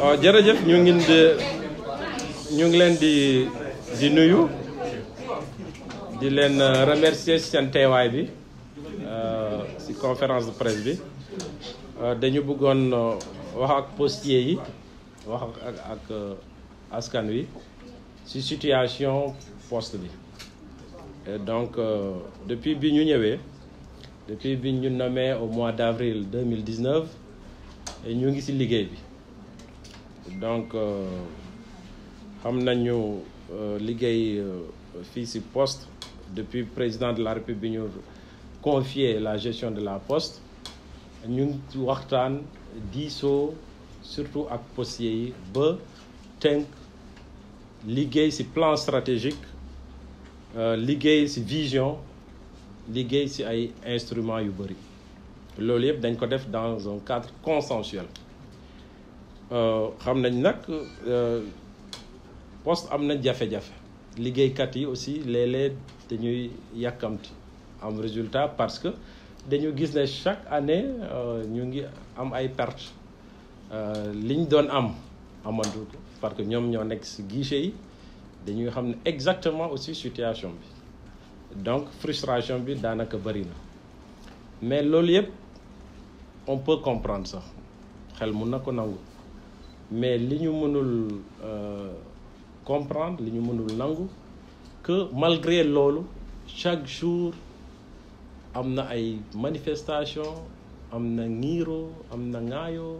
waaw euh, jërëjëf ñu ngi di ñu ngi leen di di nuyu di leen euh, remercier ci seen teewaay bi euh, ci conférence de presse bi dañu bëggoon wax ak postier yi wax ak ak askan wi ci situation poste bi e donc depuis bi ñu ñëwee depuis bi ñu nommé au mois d'avril 2019 ñu ngi ci liggéey bi donc euh, xam nañu euh, liggéey euh, fii si poste depuis président de la république bi ñu confier la gestion de la poste ñu ngi waxtaan diisoo surtout ak postiers yi ba tenk liggéey si plan stratégique liggéey si vision liggéey si ay instruments yu bari loolu yëpp dañ ko def dans un cadre consensuel Euh, xam nañ nag euh, poste am na jafe-jafe liggéeykat yi aussi léeg-léeg dañuy yàkkamti am résultat parce que dañu gis ne chaque année euh, ñu ngi am ay pertes liñ doon am amandu ko parce que ñoom ñoo nekk si guichet yi dañuy xam ne exactement aussi situation bi donc frustration bi daanaka bëri na mais loolu yëpp on peut comprendre sax xel mun na ko nangu mais li ñu mënul euh, comprendre li ñu mënul nangu que malgré loolu chaque jour am na ay manifestation am na ñiiroo am na ŋaayoo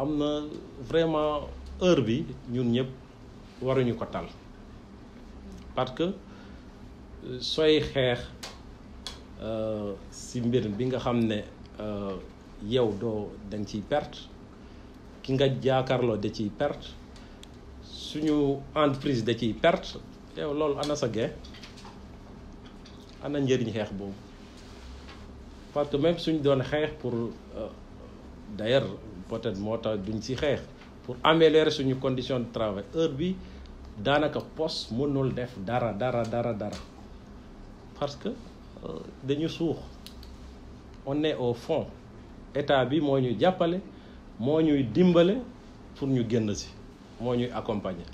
am na vraiment heure bi ñun ñëpp waruñu ko tal parce que euh, sooy xeex ci euh, mbir bi nga xam ne yow doo danga ciy perte ki nga jàkkaarloo de ciy perte suñu entreprise da ciy perte yow loolu ana sa gain ana njëriñ xeex boobu parce que même suñ doon xeex pour euh, d'ailleurs peut-être moo tax duñ si xeex pour améliorer suñu condition de travail heure bi daanaka poste mënul def dara dara dara dara parce que euh, dañu suux on est au fond état bi moo ñu jàppale moo ñuy dimbale pour ñu génn si moo ñuy accompagner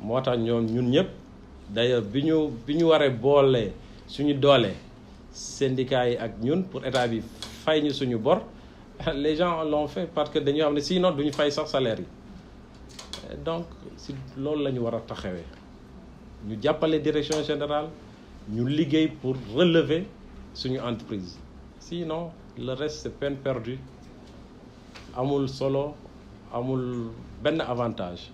moo tax ñoom ñun ñëpp d'ailleurs bi ñu bi ñu waree boolee suñu doolee syndicats yi ak ñun pour état bi fay ñu suñu bor les gens l'ont fait parce que dañu am ne sinon duñu fay sax salaire yi donc si loolu la ñu war a taxawee ñu jàppale direction générale ñu liggéey pour relever suñu entreprise sinon le reste c'est peine perdue amul solo amul benn avantage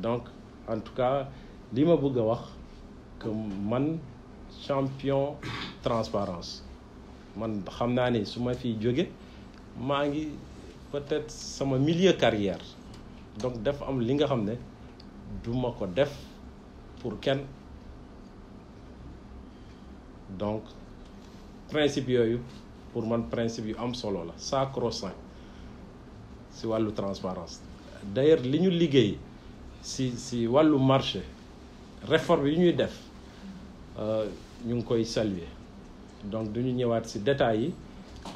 donc en tout cas li ma bëgg a wax que man champion transparence man xam naa ni su ma fi jóge maa ngi peut-être sama milieu carrière donc dafa am li nga xam ne du ko def pour kenn donc principe yooyu pour man principe yu am solo la sacro-saint si wàllu transparence d'ailleurs li ñu liggéey si si wàllu marché réforme yu ñuy def euh, ñu ngi koy saluer donc du ñu ñëwaat si détails yi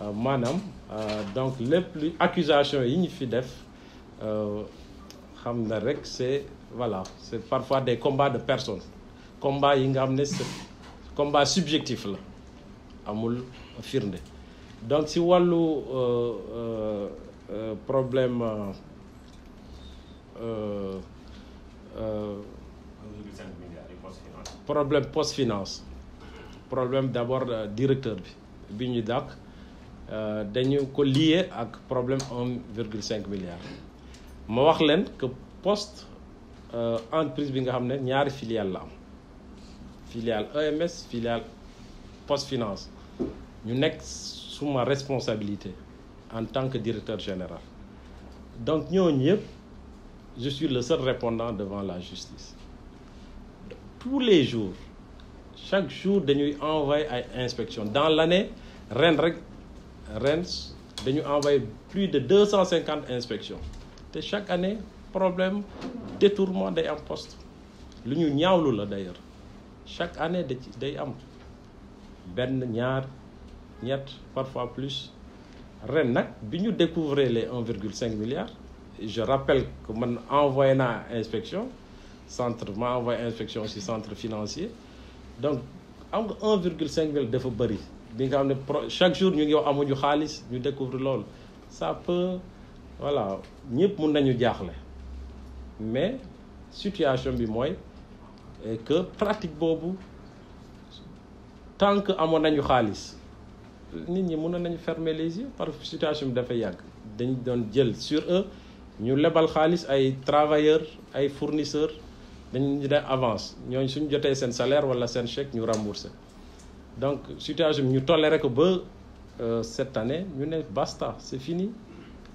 euh, maanaam euh, donc lépp lu accusation yi ñu fi def xam na rek c'est voilà c'est parfois des combats de personne combat yi nga xam ne c'est combat subjectif la amul firnde donc si wàllu Euh, problème euh, euh, problème post finance problème d'abord directeur bi bi ñu dàq dañu ko lié ak problème un virgule cinq milliard ma wax leen que poste entreprise bi nga xam ne ñaari filiale la am filiale EMS filiale post finance ñu nekk suma responsabilité en tant que directeur général donc ñooñu yëpp je suis le seul répondant devant la justice tous les jours chaque jour dañuy envoyé ay inspections dans l'année ren rek ren dañu envoyé plus de deux cent cinquante inspections te chaque année problème détournement day am poste lu ñu ñaawlu la d'ailleurs chaque année da ci day am benn ñaar ñett parfois plus ren nag bi ñu découvrir les 1,5 milliard je rappelle que man envoyé na inspection centre ma envoyé inspection aussi centre financier donc am nga 1,5 milliard dafa bëri bi nga xam ne pro chaque jour ñu ngi wax amuñu xaalis ñu découvrir loolu sa peut voilà ñëpp mun nañu jaaxle mais situation bi mooy que pratique boobu tant que amoon nañu xaalis. nit ñi mënoon nañu fermer les yeux par situation bi dafa yàgg dañu doon jël sur eux ñu lebal xaalis ay travailleurs ay fournisseurs dañu def avance ñooñu suñ jotee seen salaire wala seen chèque ñu remboursé donc situation bi ñu toléré ko ba euh, cet année ñu ne basta c'est fini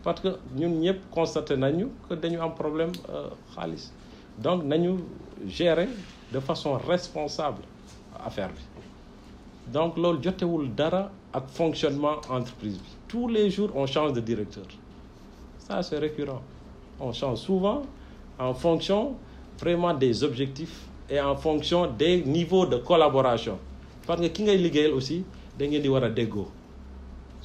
parce que ñun ñëpp constaté nañu que dañu am problème euh, xaalis donc nañu gérer de façon responsable affaire bi donc loolu jotewul dara ak fonctionnement entreprise bi tous les jours on change de directeur ça c'est récurrent on change souvent en fonction vraiment des objectifs et en fonction des niveaux de collaboration parce nga ki ngay liggéeyal aussi da ngeen di war a déggoo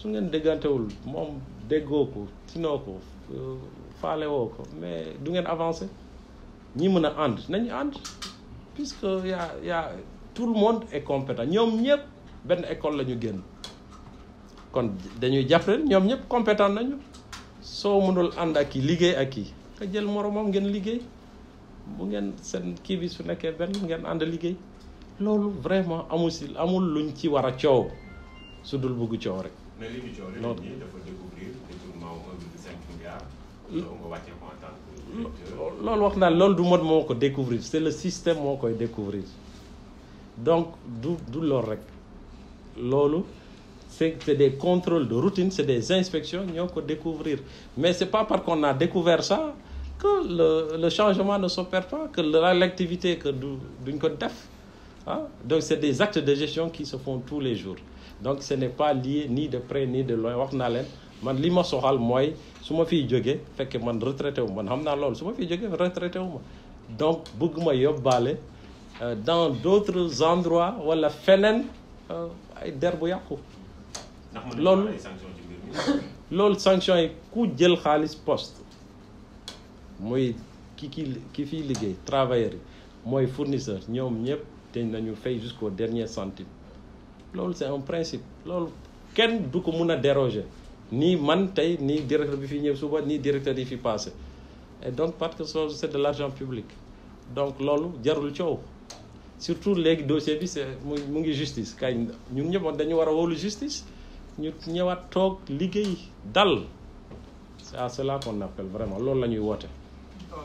su ngeen déggantewul moom déggoo ko tinoo ko euh, faale woo ko mais du ngeen avancé ñi mën a ànd nañu ànd puisque y a tout le monde est compétent ñoom ñëpp benn école la ñu génn kon dañuy jàpp ñoom ñëpp compétent nañu soo mënul ànd ak kii liggéey ak kii nga jël moromam ngeen liggéey bu ngeen seen kii bi su nekkee benn ngeen ànd liggéey loolu vraiment amul si amul luñ ci war a coow su dul bugg coow rek. mais li ñu loolu wax naa loolu du mot moo ko découvrir c'est le système moo koy découvrir donc du du lool rek loolu. c'est des contrôles de routine, c'est des inspections, nous que découvrir. Mais ce n'est pas parce qu'on a découvert ça que le, le changement ne s'opère pas, que l'activité que d'une côte def. Hein? Ah. Donc c'est des actes de gestion qui se font tous les jours. Donc ce n'est pas lié ni de près ni de loin. Wax naa man li ma soxal mooy su ma fiy jógee fekk man retraité wu man xam naa loolu su ma fiy jógee retraité wu ma donc bëgg ma yóbbaale euh, dans d'autres endroits wala feneen euh, ay der yàqu. loolu loolu sanction yi ku jël xaalis poste mooy ki ki ki fiy liggéey travailleur yi mooy fournisseur ñoom ñëpp dañ nañu fay jusqu'au dernier centime loolu c'est un principe loolu kenn du ko mun a déroger nii man tey nii directeur bi fi ñëw suba nii directeur yi fi passé et donc parce que loolu c'est de l'argent public donc loolu jarul coow surtout léegi dossier bi c'est mu ngi justice kay ñun ñëpp dañu war a wóolu justice ñu ñëwaat toog liggéey dal c'est à cela qu'on appelle vraiment loolu la ñuy woote.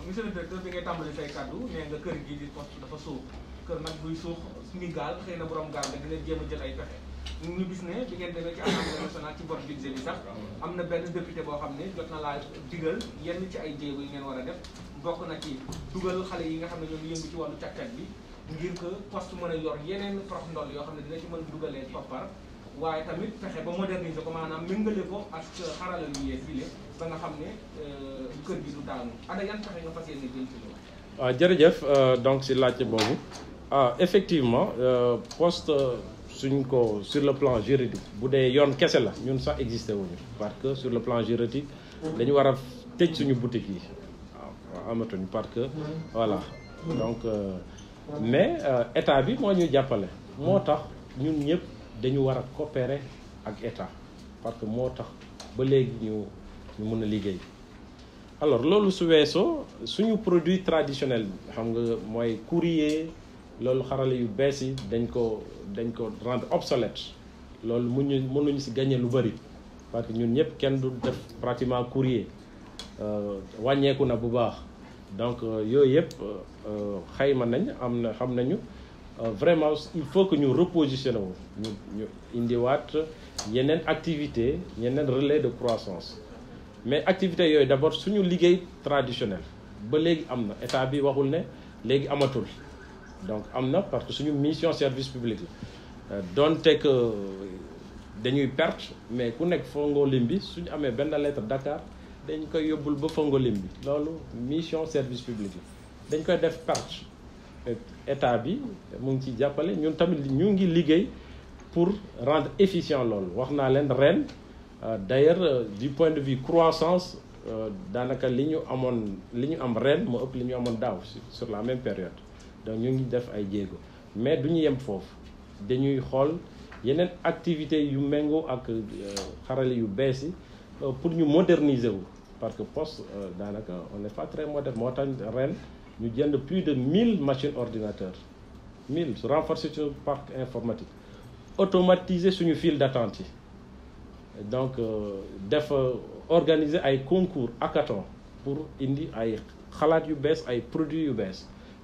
monsieur le directeur bi ngay tàmbali say kàddu kër gi di poste dafa suux kër nag buy suux mi gaal xëy na borom gaal da dina jéem a jël ay pexe ñu gis ne bi ngeen demee ci assemblée nationale ci vote budget bi sax am na benn député boo xam ne jot na laa digal yenn ci ay jéego yi ngeen war a def bokk na ci dugal xale yi nga xam ne ñoom yëngu ci wàllu càkkat bi ngir que poste mën a yor yeneen prof ndol yoo xam ne dina ci mën dugalee koppar waaye tamit fexe ba moderniser ko maanaam méngale ko ak euh, xarala yu yees yi ba nga xam ne euh, kër gi du daanu ana yan fexe nga fas yéene jëm ci loolu. waaw ah, jërëjëf euh, donc si laajte boobu ah effectivement poste suñ ko sur le plan juridique bu dee yoon kese la ñun sax existé wuñu parce que sur le plan juridique dañu war a tëj suñu boutique yi waaw ah, amatuñu parce que voilà donc mais état bi moo ñu jàppale moo tax ñun ñëpp. dañu war a coopérer ak état parce que moo tax ba léegi ñu ñu mën a liggéey alors loolu su weesoo suñu produit traditionnel bi xam nga mooy courier loolu xarale yu bees yi dañ ko dañ ko rendre obsolète loolu mënuñu mënuñu si gagné lu bëri parce que ñun ñëpp kenn du def pratiquement courrier euh, wàññeeku na bu baax donc euh, yooyu yëpp euh, xayma nañ am na xam nañu Euh, vraiment il faut que ñu repositionné wu ñu ñu indiwaat yeneen activité yeneen relais de croissance mais activité yooyu d'abord suñu liggéey traditionnel ba léegi am na état bi waxul ne léegi amatul donc am na parce que suñu mission service public la euh, donte que dañuy perte mais ku nekk Fongolim bi suñu amee benn lettre Dakar dañ koy yóbbul ba Fongolim bi loolu mission service public la dañ koy def perte état bi mu ngi ciy jàppale ñun tamit ñu ngi liggéey pour rendre efficient loolu wax naa leen ren euh, d'ailleurs euh, du point de vue croissance euh, daanaka li ñu amoon li ñu am ren moo ëpp li ñu amoon daaw sur la même période donc ñu ngi def ay jéego mais du ñu yem foofu dañuy xool yeneen activité yu méngoo ak xarale yu bees yi pour ñu moderniser wu parce que poste daanaka on n'est pas très moderne moo tax ren ñu jënd plus de mille machines ordinateurs 1000 su renforcer suñu parc informatique automatiser suñu file d'attente yi donc euh, def euh, organiser ay concours hackathon pour indi ay xalaat yu bees ay produits yu bees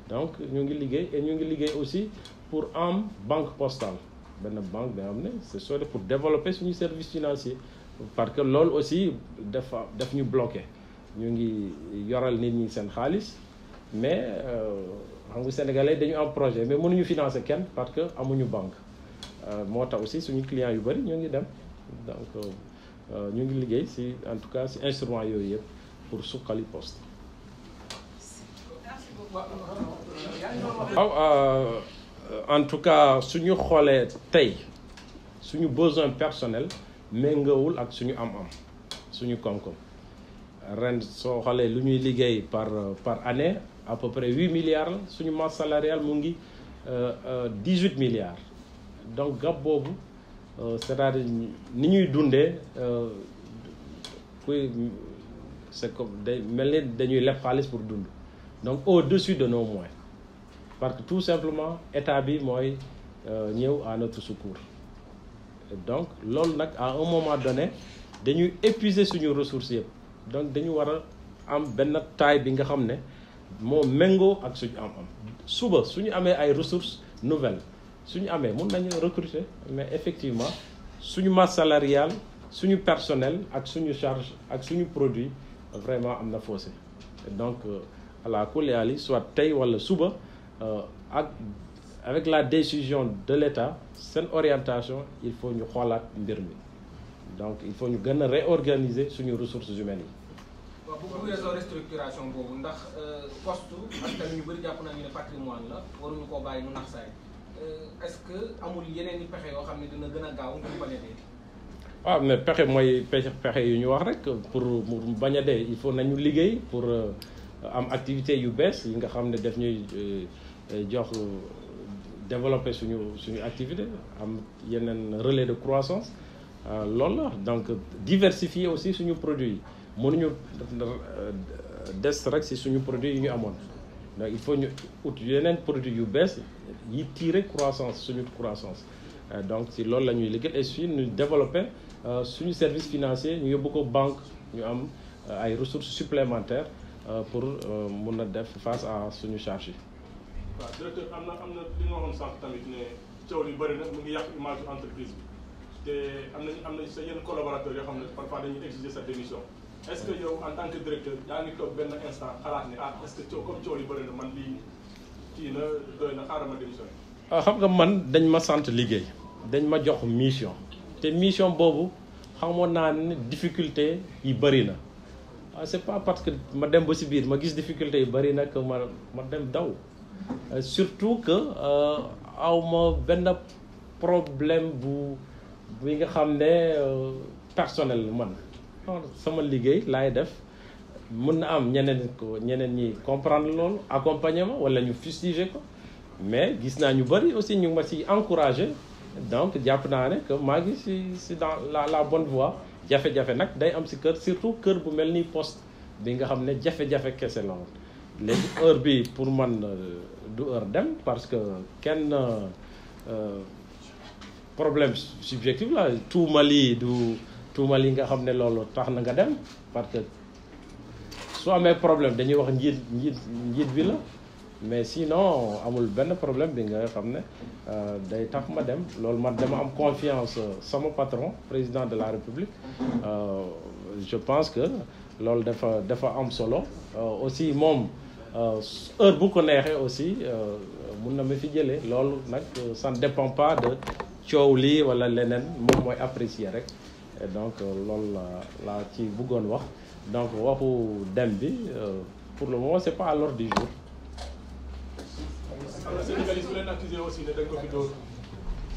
donc ñu ngi liggéey et ñu ngi liggéey aussi pour am banque postale benn banque bi am ne c'est sûr pour développer suñu service financier parce que loolu aussi dafa daf ñu bloqué ñu ngi yoral nit ñi seen xaalis mais euh, xam nga sénégalais dañu am projet mais mënuñu financer kenn parce que amuñu banque euh, moo tax aussi suñu client yu bëri ñoo ngi dem donc euh, ñu ngi liggéey si en tout cas si instrument yooyu yëpp pour suqali poste. waaw oh, en tout cas suñu xoolee tey suñu besoin personnel méngawul ak suñu am-am suñu koom-koom ren soo xoolee lu ñuy liggéey par par année. à peu près 8 milliards suñu masse salariale mu ngi 18 euh, euh, milliards donc gab boobu euh, c'est-à-dire ni ñuy dundee kuy c'est comme day mel ni dañuy leb pour dund donc au-dessus de nos moyens parce que tout simplement état bi mooy ñëw à notre secours donc loolu nag à un moment donné dañuy épuiser suñu ressources yëpp donc dañu war a am benn taille bi nga xam ne moo méngoo ak suñu am-am suba suñu amee ay ressources nouvelles suñu amee mun nañu recruter mais effectivement suñu masse salariale suñu personnel ak suñu charge ak suñu produit vraiment am na fossé donc àla euh, kuleali soit tey wala suba euh, ak avec la décision de l'État seen orientation il faut ñu xoolaat mbir mi donc il faut ñu gën a réorganiser suñu ressources humaines yi waaw bu weesoo restructuration boobu ndax euh, poste ak yu ñu bëri jàpp nañu ne patrimoine la waruñu koo bàyyi mu nax saay euh, est-ce que amul yeneen pexe yoo xam ne dina gën a gaaw ngir bañ a dee. mais pexe mooy pexe pexe yu ñu wax rek pour mu bañ a dee il faut nañu liggéey pour euh, am activité yu bees yi nga xam ne daf ñuy jox développer suñu suñu activité am yeneen relais de croissance loolu la donc diversifier aussi suñu produit yi. mënuñu des rek si suñu produit yi ñu amoon donc il faut ñu ut yeneen produit yu bees yi tirer croissance suñu croissance euh, donc si loolu la ñuy liggéey et si ñu développer euh, suñu service financier ñu yóbbu ko banque ñu am euh, ay ressource supplémentaires pour mun na def face à suñu charge yi. waaw directeur am na am na li nga waxoon sànq tamit ne coow li bëri mu ngi yàq image entreprise bi te am nañu am nañu sa yenn collaborateurs yoo xam ne parfois dañuy exiger sa démission. est-ce que yow en tant que directeur yaa ngi toog benn instant xalaat ni ah est que comme coow yi man lii kii na xaaral ma démissionné. ah xam nga man dañ ma sant liggéey dañ ma jox mission te mission boobu xamoon naa ne difficulté yi bëri na ah c'est pas parce que ma dem ba si biir ma gis difficulté yi bëri na ma ma dem daw euh, surtout que euh, aw ma benn problème bu bi nga xam ne euh, personnel man. non sama liggéey laay def mun na am ñeneen ko ñeneen ñi comprendre loolu accompagnement ma wala ñu fustiger ko mais gis naa ñu bëri aussi ñu ma ci encouragé donc jàpp naa ne que maa ngi dans la la bonne voie jafe-jafe nag day am si kër surtout kër bu mel ni poste bi nga xam ne jafe-jafe kese la woon léegi heure bi pour man euh, du heure dem parce que kenn euh, problème subjectif la tout du tuumal yi nga xam ne loolu tax na nga dem parce que su amee problème dañuy wax njiit njiit njiit bi la mais sinon amul benn problème bi nga xam ne euh, day tax ma dem loolu ma dama am confiance euh, sama patron président de la république euh, je pense que loolu dafa dafa am solo aussi moom heure bu ko neexee aussi mun na ma fi jëlee loolu nag ça ne dépend pas de coow lii wala leneen moom mooy apprécier rek et donc euh, loolu la ci bëggoon wax donc waxu dem bi euh, pour le moment c'est pas à l'ordre du jour.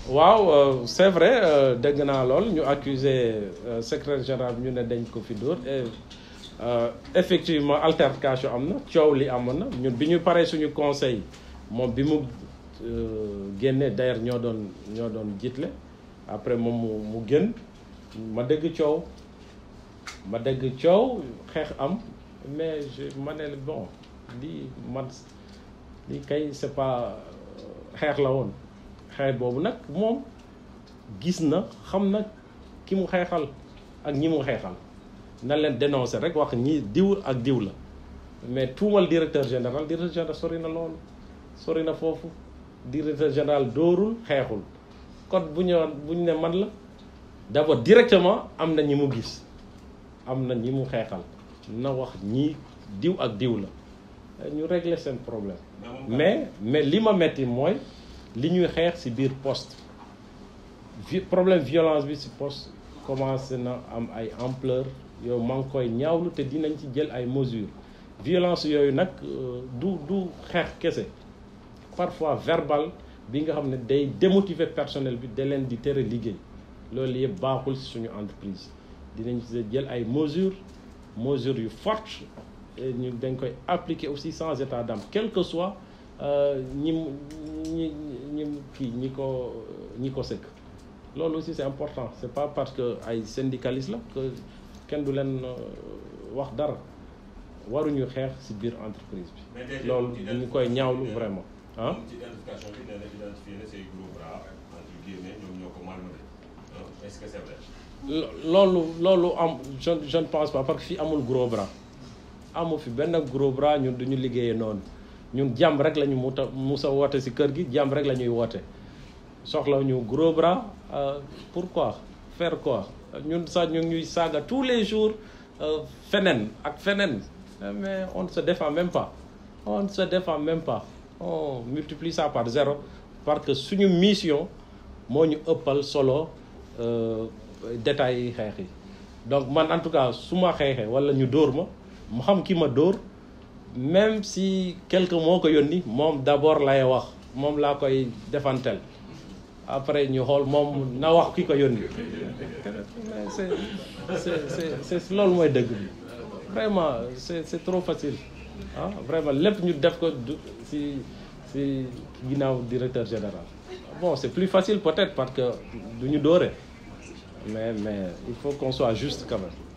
waaw euh, c'est vrai dégg naa lool ñu accusé secrétaire général ñu ne dañ ko fi dóor et effectivement altercation am na coow li amoon na ñun bi ñu paree suñu conseil moom bi mu génnee d'ailleurs ñoo doon ñoo doon jiitle après moom mu mu génn. ma dégg coow ma dégg coow xeex am mais je ma ne bon lii man lii kay c'est pas euh, xeex la woon xeex boobu nag moom gis na xam na ki mu xeexal ak ñi mu xeexal na leen dénoncer rek wax ñi diw ak diw la mais tuumal directeur général directeur général sori na loolu sori na foofu directeur général dóorul xeexul kon bu ñëwoon ne man la d'abord directement am na ñi mu gis am na ñi mu xeexal na wax ñii diw ak diw la ñu régler seen problème mais mais li ma metti mooy li ñuy xeex ci biir poste problème violence bi ci poste commencé na am ay ampleur yow maa ngi koy ñaawlu te dinañ ci jël ay mesures violence yooyu nag euh, du du xeex kese parfois verbal bi nga xam ne day démotiver personnel bi da leen di tere liggéey loolu yëpp baaxul si suñu entreprise dinañ jël ay mesures mesures yu forte ñu dañ koy appliquer aussi sans état d'âme quel que soit euh, ñi ñi kii ñi ko ñi ko sëkk loolu aussi c'est important c'est pas parce que ay syndicaliste la que kenn du leen euh, wax dara waruñu xeex si biir entreprise bi loolu ñu koy ñaawlu vraiment ah est loolu loolu am je je ne pense pas parce que fii amul gros bras amul fi benn gros bras du ñu liggéeye noonu ñu jàmm rek la ñu muta musa woote si kër gi jàmm rek la ñuy woote soxla ñu gros bras euh, pourquoi faire quoi ñun sax ñu ngi ñuy saaga tous les jours euh, feneen ak feneen euh, mais on ne se défend même pas on ne se défend même pas on multiplie ça par zéro parce que suñu mission moo ñu ëppal solo Euh, détails yi xeex yi donc man en tout cas su ma xeexee wala ñu dóor ma mu xam ki ma dóor même si quelque moo ko yónni moom d'abord lay wax moom laa koy defantel après ñu xool moom na wax ki ko yónni c'est c'est c'est loolu mooy dëgg bi vraiment c'est c'est trop facile ah vraiment lépp ñu def ko si si ginnaaw directeur général bon c'est plus facile peut-être parce que du ñu doore mais mais il faut qu'on soit juste quand même